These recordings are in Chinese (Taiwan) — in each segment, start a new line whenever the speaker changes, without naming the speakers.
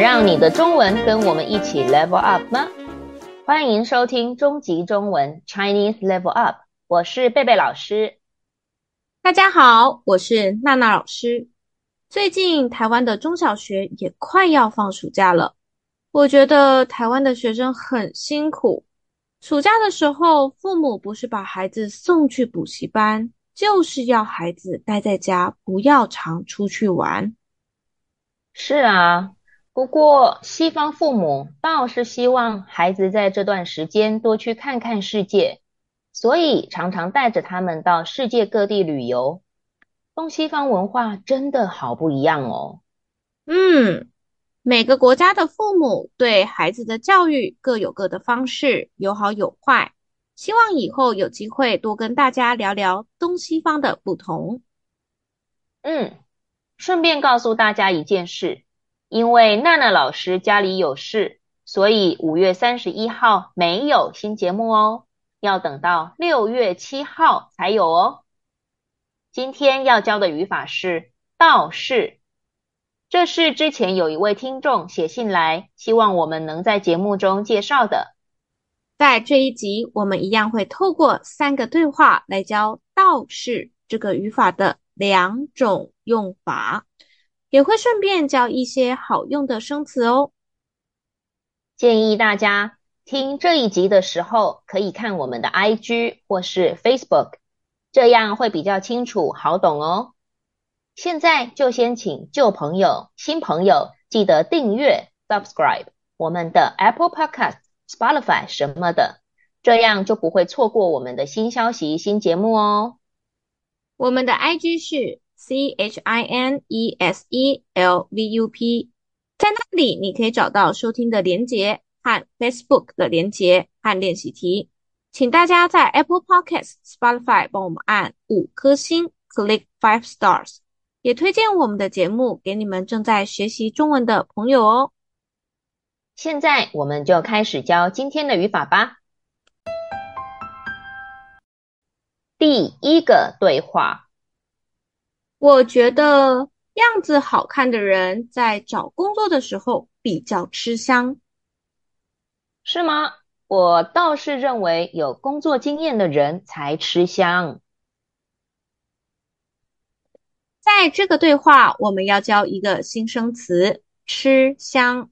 讓你的中文跟我們一起 level up 嗎？歡迎收聽《中級中文 Chinese Level Up》，我是貝貝老師。大家好，我是娜娜老師。最近台灣的中小學
也快要放暑假了，我覺得台灣的學生很辛苦。暑假的時候，父母不是把孩子送去補習班，就是
要孩子待在家，不要常出去玩。是啊。不過，西方父母倒是希望孩子在這段時間多去看看世界，所以常常帶着他們到世界各地旅遊。東西方文化真的好不一樣哦。嗯，
每個國家的父母對孩子的教育各有各的方式，有好有壞。希望以後有機會多跟大家聊聊東西方的不同。
嗯，順便告訴大家一件事。因為娜娜老師家裡有事，所以五月三十一號沒有新節目哦，要等到六月七號才有哦。今天要教的語法是倒是，這是之前有一位聽眾寫信來，希望我們能在節目中介紹的。在這一集，我們一樣會透過三個對話來教倒是這
個語法的兩種用法。也會順便教一些
好用的生詞哦。建議大家聽這一集的時候，可以看我們的 IG 或是 Facebook，這樣會比較清楚好懂哦。現在就先請舊朋友、新朋友記得訂閱 Subscribe 我們的 Apple Podcast、Spotify 什麼的，這樣就不會錯過我們的新消息、新節目哦。我們的 IG 是，C H I N E S E L V U P，
在那裡你可以找到收聽的連結和 Facebook 的連結和練習題，請大家在 Apple Podcast, Spotify 幫我們按五顆星，Click Five Stars，也推薦我們的節目給你們正在學習中文
的朋友哦。現在我們就開始教今天的語法吧。第一個對話。
我覺得樣子好看的人在找
工作的時候比較吃香，是嗎？我倒是認為有工作經驗的人才吃香。在這個對話，我們要教一個新生詞
“吃香”，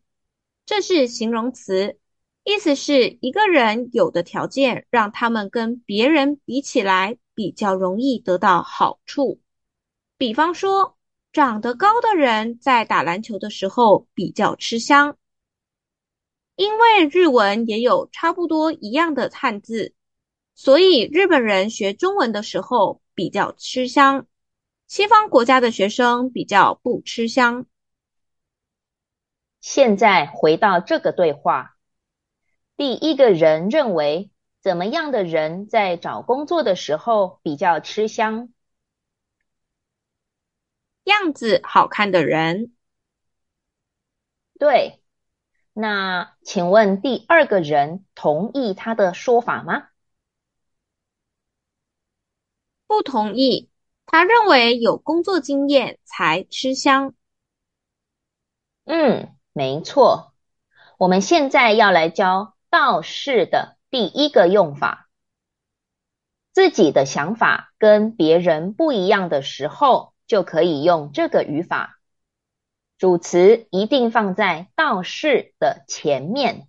這是形容詞，意思是，一個人有的條件讓他們跟別人比起來比較容易得到好處。比方說，長得高的人在打籃球的時候比較吃香。因為日文也有差不多一樣的漢字，所以日本人學中文的時候比較吃
香，西方國家的學生比較不吃香。現在回到這個對話，第一個人認為怎麼樣的人在找工作的時候比較吃香？樣子好看的人，對。那請問第二個人同意他的說法嗎？不同意。他認為有工作經驗才吃香。嗯，沒錯。我們現在要來教倒是的第一個用法：自己的想法跟別人不一樣的時候。就可以用這個語法，主詞一定放在倒是的前面，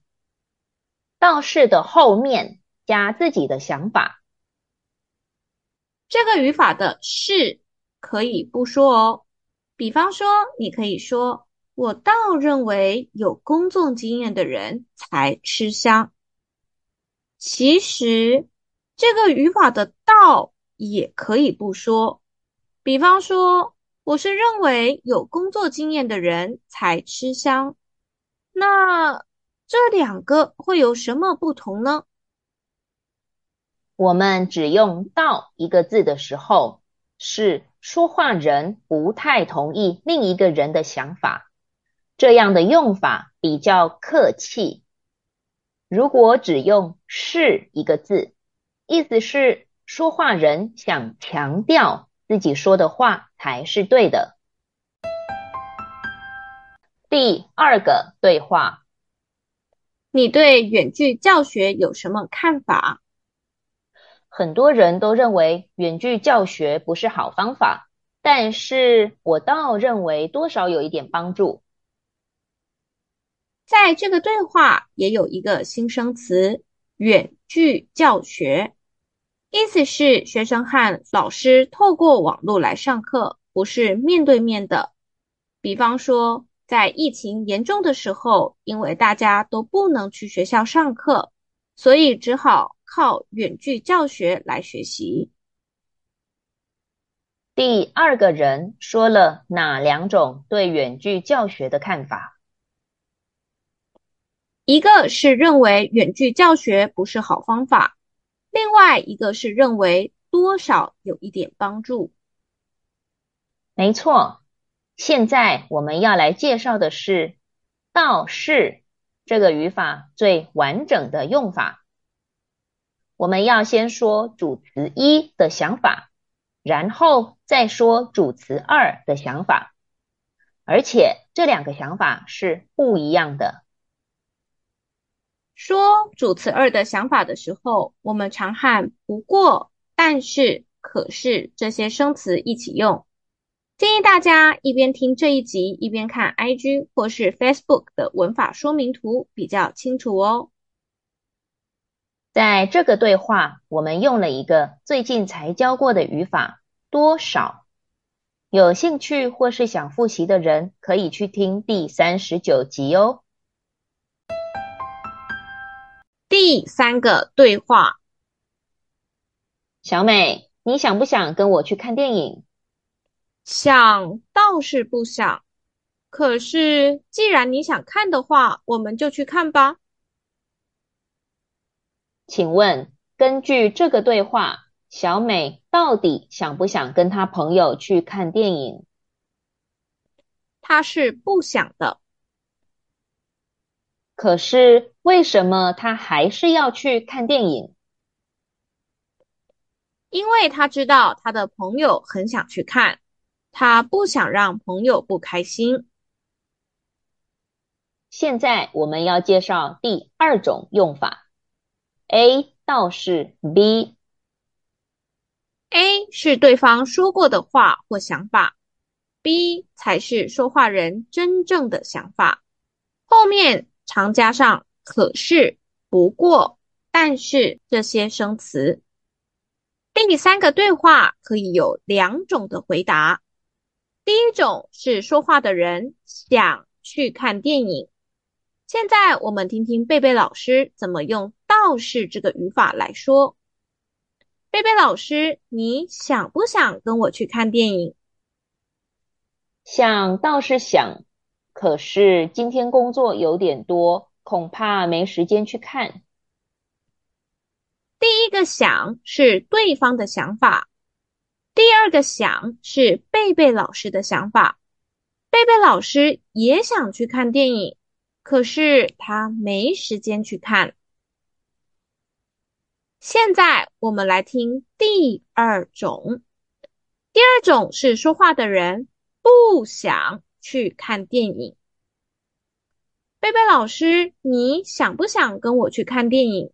倒是的後面加自己的想法。這個語法的“
是”可以不說哦。比方說，你可以說：“我倒認為有工作經驗的人才吃香。”其實，這個語法的“倒”也可以不說。比方說，我是認為有工作經驗的人才吃香。那這兩個會有什麼不同呢？
我們只用“倒”一個字的時候，是說話人不太同意另一個人的想法，這樣的用法比較客氣。如果只用“是”一個字，意思是說話人想強調。自己說的話才是對的。第二個對話，你對遠距教學有什麼看法？很多人都認為遠距教學不是好方法，但是我倒認為多少有一點幫助。在這個對話也有一個新生詞：
遠距教學。意思是學生和老師透過網絡來上課，不是面對面的。比方說，在疫情嚴重的時候，因為大家都不能去學校上課，所以
只好靠遠距教學來學習。第二個人說了哪兩種對遠距教學的看法？
一個是認為遠距教學不是
好方法。另外一個是認為多少有一點幫助。沒錯，現在我們要來介紹的是“倒是”這個語法最完整的用法。我們要先說主詞一的想法，然後再說主詞二的想法，而且這兩個想法是不一樣的。說主詞二的想法
的時候，我們常和不過、但是、可是這些生詞一起用。建議大家一邊聽這一集，一邊看 IG 或是
Facebook 的文法說明圖，比較清楚哦。在這個對話，我們用了一個最近才教過的語法，多少。有興趣或是想複習的人，可以去聽第三十九集哦。第三個對話，小美，你想不想跟我去看電影？想倒是不想，可是
既然你想看的話，我們就去看吧。
請問，根據這個對話，小美到底想不想跟她朋友去看電影？她是不想的。可是為什麼他還是要去看電影？
因為他知道他的朋友很
想去看，他不想讓朋友不開心。現在我們要介紹第二種用法：A 倒是 B，A 是對方說
過的話或想法，B 才是說話人真正的想法。後面。常加上可是、不過、但是這些生詞。第三個對話可以有兩種的回答。第一種是說話的人想去看電影。現在我們聽聽貝貝老師怎麼用倒是這個語法來說。貝貝老師，你想不想跟我
去看電影？想，倒是想。可是今天工作有點多，恐怕沒時間去看。第一個想是對方的想法，第二個
想是貝貝老師的想法。貝貝老師也想去看電影，可是他沒時間去看。現在我們來聽第二種，第二種是說話的人不想。去看電影，貝貝老師，你想不想跟我去看電影？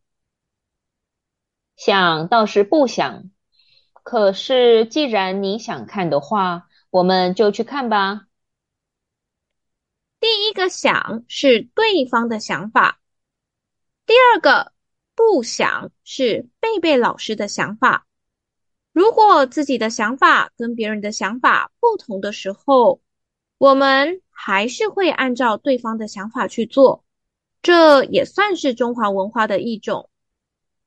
想倒是不想，可是既然你想看的話，我們就去看吧。第一個
想是對方的想法，第二個不想是貝貝老師的想法。如果自己的想法跟別人的想法不同的時候，我們還是會按照對方的想法去做，這也算是中華文化的一種，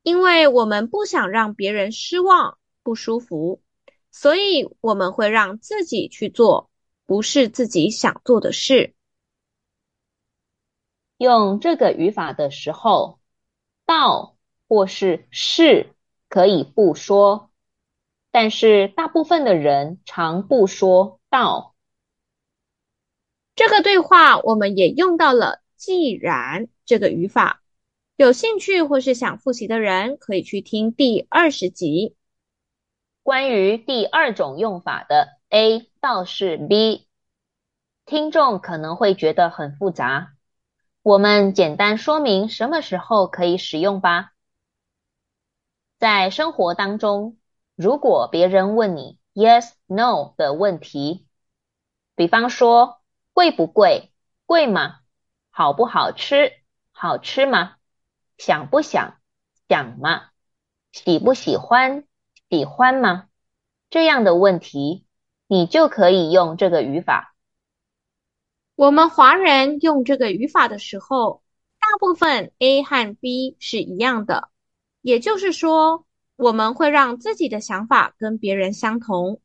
因為我們不想讓別人失望、不舒服，所以我們會讓自己去做，不是自己想做的事。
用這個語法的時候，倒或是是可以不說，但是大部分的人常不說倒。這個對話我們
也用到了“既然”這個語法。有興趣或是想複習的
人，可以去聽第二十集，關於第二種用法的 A 倒是 B。聽眾可能會覺得很複雜，我們簡單說明什麼時候可以使用吧。在生活當中，如果別人問你 yes no 的問題，比方說。貴不貴？貴嗎？好不好吃？好吃嗎？想不想？想嗎？喜不喜歡？喜歡嗎？這樣的問題，你就可以用這個語法。我們華人
用這個語法的時候，大部分 A 和 B 是一樣的，也就是說，我們會讓自己的想法跟別人相同，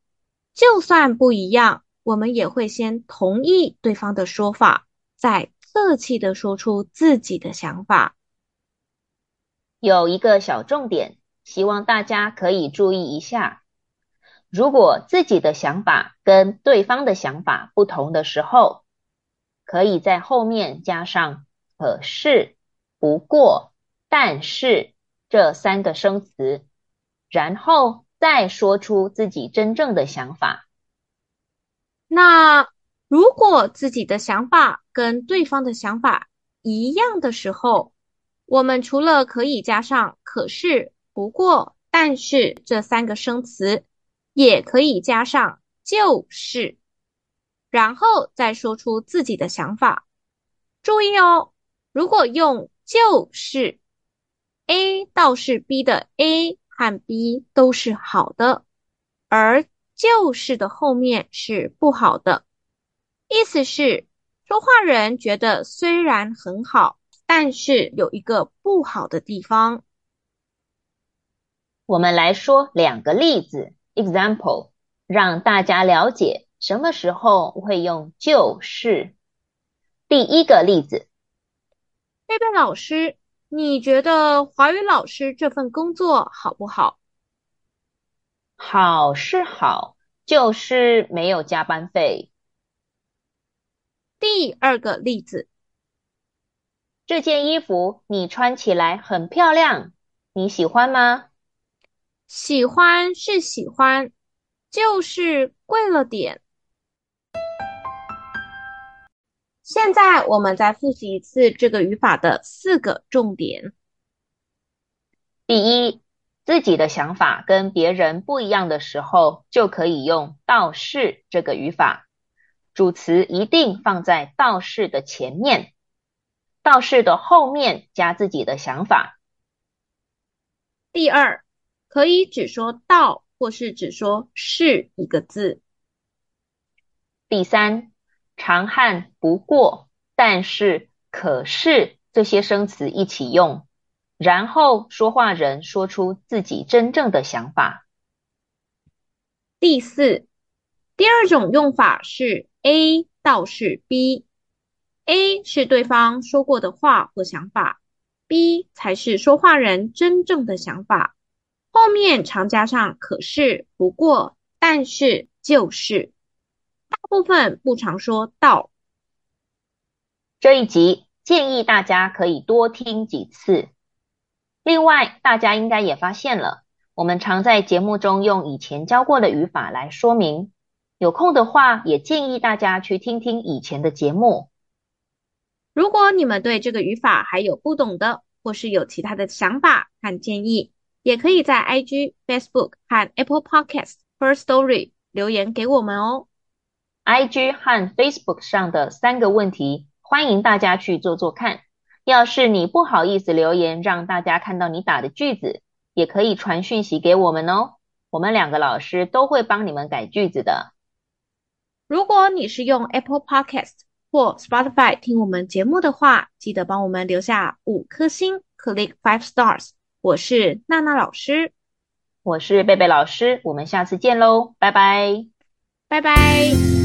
就算不一樣。我們也會先同意對方的說法，再
客氣地說出自己的想法。有一個小重點，希望大家可以注意一下：如果自己的想法跟對方的想法不同的時候，可以在後面加上“可是”“不過”“但是”這三個生詞，然後再說出自己真正的想法。那如果自己的想法跟
對方的想法一樣的時候，我們除了可以加上可是、不過、但是這三個生詞，也可以加上就是，然後再說出自己的想法。注意哦，如果用就是，A 倒是 B 的 A 和 B 都是好的，而。倒是的後面是不好的，意思是說話人覺
得雖然很好，但是有一個不好的地方。我們來說兩個例子，example，讓大家了解什麼時候會用倒是。第一個例子，
貝貝老師，你覺得華語老師
這份工作好不好？好是好，就是沒有加班費。第二個例子，這件衣服你穿起來很漂亮，你喜歡嗎？喜歡是喜歡，就是
貴了點。現在我
們再複習一次這個語法的四個重點。第一。自己的想法跟別人不一樣的時候，就可以用“倒是”這個語法，主詞一定放在“倒是”的前面，“倒是”的後面加自己的想法。第二，可以只說“倒”或是只說“是”一個字。第三，常和“不過”“但是”“可是”這些生詞一起用。然後說話人說出自己真正的想法。第四，第二種用法是 A 倒是 B，A
是對方說過的話或想法，B 才是說話人真正的想法。後面常加上可是、不過、但是、
就是，大部分不常說到。這一集，建議大家可以多聽幾次。另外，大家應該也發現了，我們常在節目中用以前教過的語法來說明。有空的話，也建議大家去聽聽以前的節目。如果你們對這個語法還有不懂的，或是有其他的想法和
建議，也可以在 IG、Facebook 和 Apple Podcasts Firstory 留
言給我們哦。IG 和 Facebook 上的三個問題，歡迎大家去做做看。要是你不好意思留言，讓大家看到你打的句子，也可以傳訊息給我們哦。我們兩個老師都會幫你們改句子的。如果你是用 Apple Podcast 或 Spotify 聽我
們節目的話，記得幫我們留下五顆星，click five stars。我是
娜娜老師，我是貝貝老師，我們下次見嘍，拜拜，拜拜。